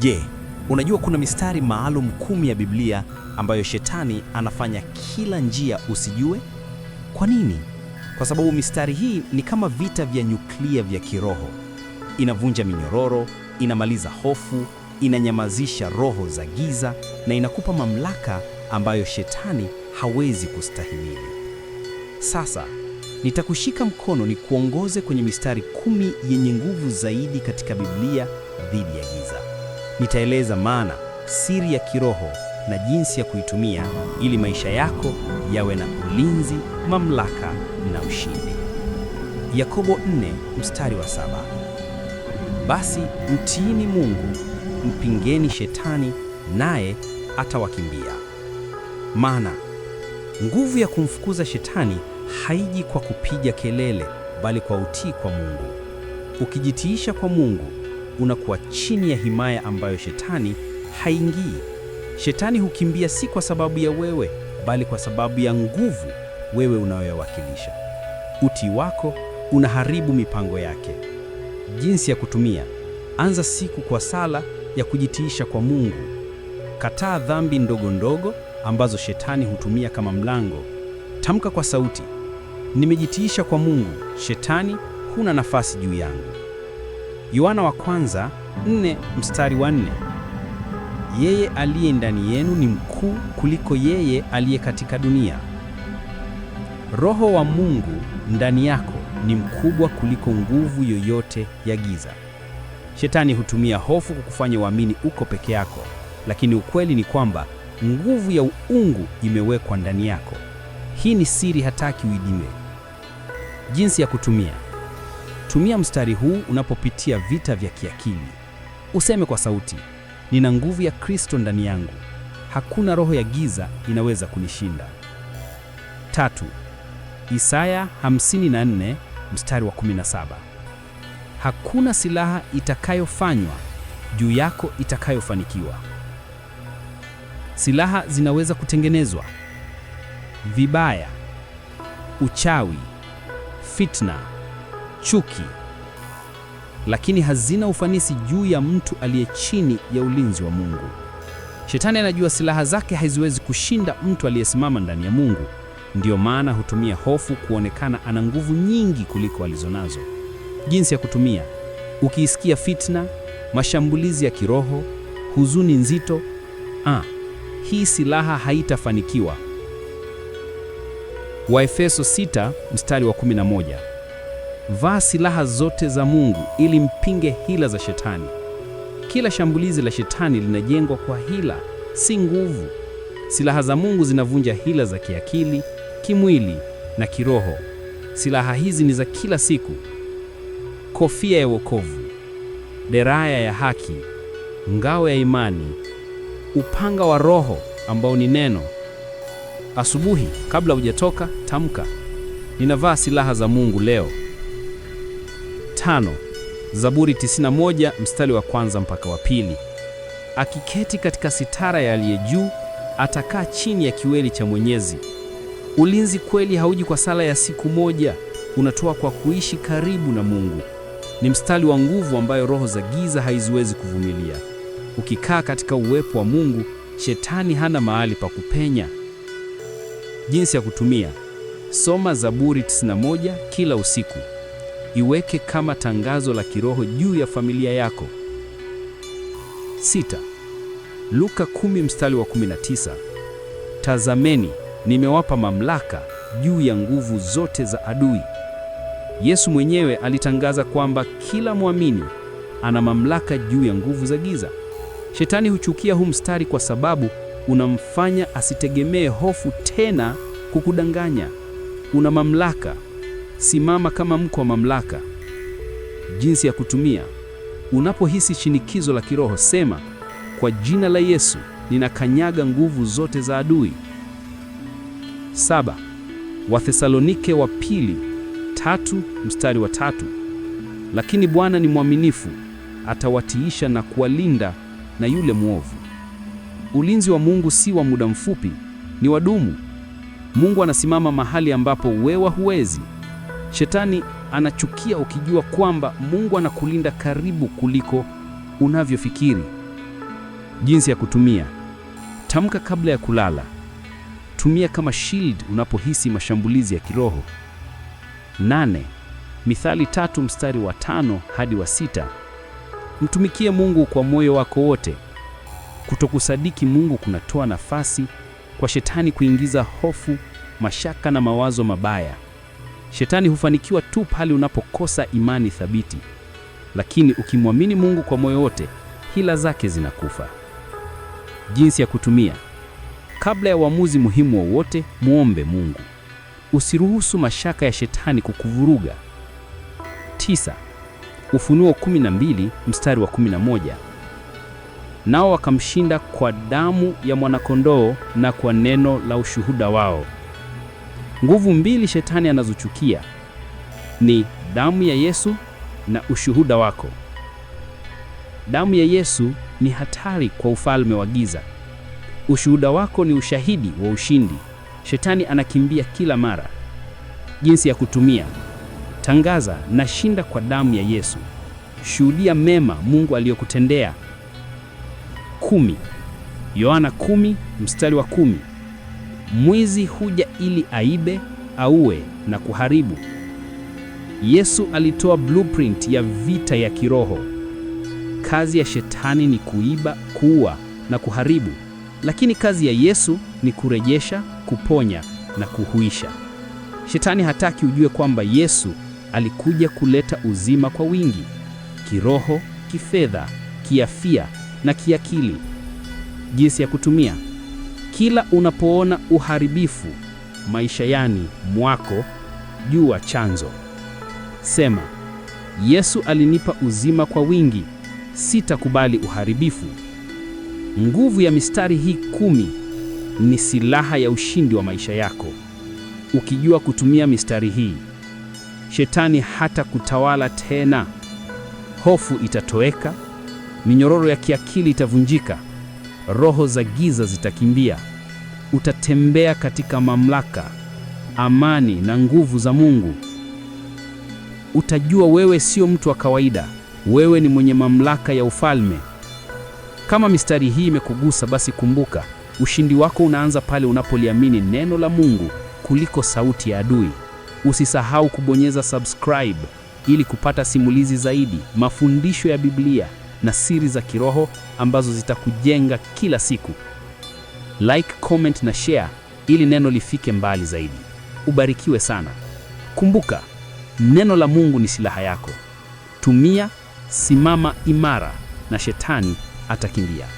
Je, unajua kuna mistari maalum kumi ya Biblia ambayo shetani anafanya kila njia usijue? Kwa nini? Kwa sababu mistari hii ni kama vita vya nyuklia vya kiroho. Inavunja minyororo, inamaliza hofu, inanyamazisha roho za giza na inakupa mamlaka ambayo shetani hawezi kustahimili. Sasa nitakushika mkono nikuongoze kwenye mistari kumi yenye nguvu zaidi katika Biblia dhidi ya giza. Nitaeleza maana, siri ya kiroho na jinsi ya kuitumia ili maisha yako yawe na ulinzi, mamlaka na ushindi. Yakobo 4 mstari wa saba. Basi mtiini Mungu, mpingeni shetani naye atawakimbia. Maana nguvu ya kumfukuza shetani haiji kwa kupiga kelele, bali kwa utii kwa Mungu. Ukijitiisha kwa Mungu unakuwa chini ya himaya ambayo shetani haingii. Shetani hukimbia si kwa sababu ya wewe, bali kwa sababu ya nguvu wewe unayowakilisha. Utii wako unaharibu mipango yake. Jinsi ya kutumia: anza siku kwa sala ya kujitiisha kwa Mungu. Kataa dhambi ndogo ndogo ambazo shetani hutumia kama mlango. Tamka kwa sauti: nimejitiisha kwa Mungu, shetani huna nafasi juu yangu. Yohana wa kwanza nne mstari wa nne yeye aliye ndani yenu ni mkuu kuliko yeye aliye katika dunia. Roho wa Mungu ndani yako ni mkubwa kuliko nguvu yoyote ya giza. Shetani hutumia hofu kukufanya uamini uko peke yako, lakini ukweli ni kwamba nguvu ya uungu imewekwa ndani yako. Hii ni siri, hataki uidime. Jinsi ya kutumia Tumia mstari huu unapopitia vita vya kiakili. Useme kwa sauti, nina nguvu ya Kristo ndani yangu, hakuna roho ya giza inaweza kunishinda. Tatu, Isaya 54 mstari wa 17, hakuna silaha itakayofanywa juu yako itakayofanikiwa. Silaha zinaweza kutengenezwa vibaya, uchawi, fitna chuki, lakini hazina ufanisi juu ya mtu aliye chini ya ulinzi wa Mungu. Shetani anajua silaha zake haziwezi kushinda mtu aliyesimama ndani ya Mungu. Ndiyo maana hutumia hofu kuonekana ana nguvu nyingi kuliko alizonazo. Jinsi ya kutumia: ukiisikia fitna, mashambulizi ya kiroho, huzuni nzito, ah, hii silaha haitafanikiwa. Waefeso 6 mstari wa 11. Vaa silaha zote za Mungu ili mpinge hila za Shetani. Kila shambulizi la Shetani linajengwa kwa hila, si nguvu. Silaha za Mungu zinavunja hila za kiakili, kimwili na kiroho. Silaha hizi ni za kila siku: kofia ya wokovu, deraya ya haki, ngao ya imani, upanga wa Roho ambao ni neno. Asubuhi kabla hujatoka, tamka: ninavaa silaha za Mungu leo tano, Zaburi 91 mstari wa kwanza mpaka wa pili. Akiketi katika sitara ya aliye juu, atakaa chini ya kiweli cha Mwenyezi. Ulinzi kweli hauji kwa sala ya siku moja, unatoa kwa kuishi karibu na Mungu. Ni mstari wa nguvu ambayo roho za giza haiziwezi kuvumilia. Ukikaa katika uwepo wa Mungu, shetani hana mahali pa kupenya. Jinsi ya kutumia: soma Zaburi 91 kila usiku iweke kama tangazo la kiroho juu ya familia yako. Sita, Luka kumi mstari wa 19, tazameni nimewapa mamlaka juu ya nguvu zote za adui. Yesu mwenyewe alitangaza kwamba kila mwamini ana mamlaka juu ya nguvu za giza. Shetani huchukia huu mstari kwa sababu unamfanya asitegemee hofu tena kukudanganya. Una mamlaka simama kama mko wa mamlaka. Jinsi ya kutumia: unapohisi shinikizo la kiroho, sema kwa jina la Yesu ninakanyaga nguvu zote za adui. Saba, Wathesalonike wa pili tatu mstari wa tatu lakini Bwana ni mwaminifu, atawatiisha na kuwalinda na yule mwovu. Ulinzi wa Mungu si wa muda mfupi, ni wadumu. Mungu anasimama mahali ambapo wewe huwezi. Shetani anachukia ukijua kwamba Mungu anakulinda karibu kuliko unavyofikiri. Jinsi ya kutumia: tamka kabla ya kulala, tumia kama shield unapohisi mashambulizi ya kiroho. Nane, Mithali tatu mstari wa tano hadi wa sita mtumikie Mungu kwa moyo wako wote. Kutokusadiki Mungu kunatoa nafasi kwa shetani kuingiza hofu, mashaka na mawazo mabaya. Shetani hufanikiwa tu pale unapokosa imani thabiti, lakini ukimwamini Mungu kwa moyo wote, hila zake zinakufa. Jinsi ya kutumia: kabla ya uamuzi muhimu wowote, muombe Mungu. Usiruhusu mashaka ya shetani kukuvuruga. Tisa, Ufunuo 12 mstari wa 11, nao wakamshinda kwa damu ya mwanakondoo na kwa neno la ushuhuda wao. Nguvu mbili shetani anazochukia ni damu ya Yesu na ushuhuda wako. Damu ya Yesu ni hatari kwa ufalme wa giza. Ushuhuda wako ni ushahidi wa ushindi. Shetani anakimbia kila mara. Jinsi ya kutumia: tangaza, nashinda kwa damu ya Yesu. Shuhudia mema Mungu aliyokutendea. Kumi. Yohana kumi mstari wa kumi. Mwizi huja ili aibe, aue na kuharibu. Yesu alitoa blueprint ya vita ya kiroho. Kazi ya shetani ni kuiba, kuua na kuharibu, lakini kazi ya Yesu ni kurejesha, kuponya na kuhuisha. Shetani hataki ujue kwamba Yesu alikuja kuleta uzima kwa wingi, kiroho, kifedha, kiafia na kiakili. Jinsi ya kutumia kila unapoona uharibifu maisha yani mwako, jua chanzo. Sema, Yesu alinipa uzima kwa wingi, sitakubali uharibifu. Nguvu ya mistari hii kumi ni silaha ya ushindi wa maisha yako. Ukijua kutumia mistari hii, shetani hata kutawala tena. Hofu itatoweka, minyororo ya kiakili itavunjika roho za giza zitakimbia. Utatembea katika mamlaka, amani na nguvu za Mungu. Utajua wewe sio mtu wa kawaida, wewe ni mwenye mamlaka ya ufalme. Kama mistari hii imekugusa, basi kumbuka, ushindi wako unaanza pale unapoliamini neno la Mungu kuliko sauti ya adui. Usisahau kubonyeza subscribe ili kupata simulizi zaidi, mafundisho ya Biblia na siri za kiroho ambazo zitakujenga kila siku. Like, comment na share ili neno lifike mbali zaidi. Ubarikiwe sana. Kumbuka, neno la Mungu ni silaha yako. Tumia, simama imara na shetani atakimbia.